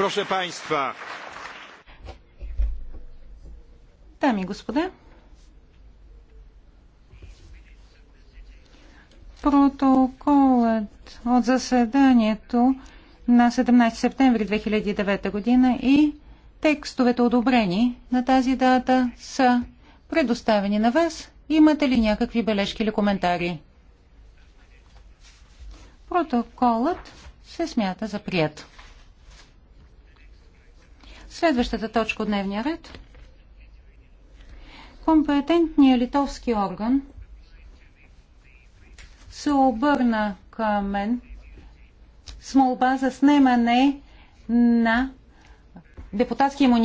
Proszę Państwa. Дами и господа, протоколът от заседанието на 17 септември 2009 година и текстовете одобрени на тази дата са предоставени на вас. Имате ли някакви бележки или коментари? Протоколът се смята за прият. Следващата точка от дневния ред. Компетентният литовски орган се обърна към мен с молба за снемане на депутатски имунитет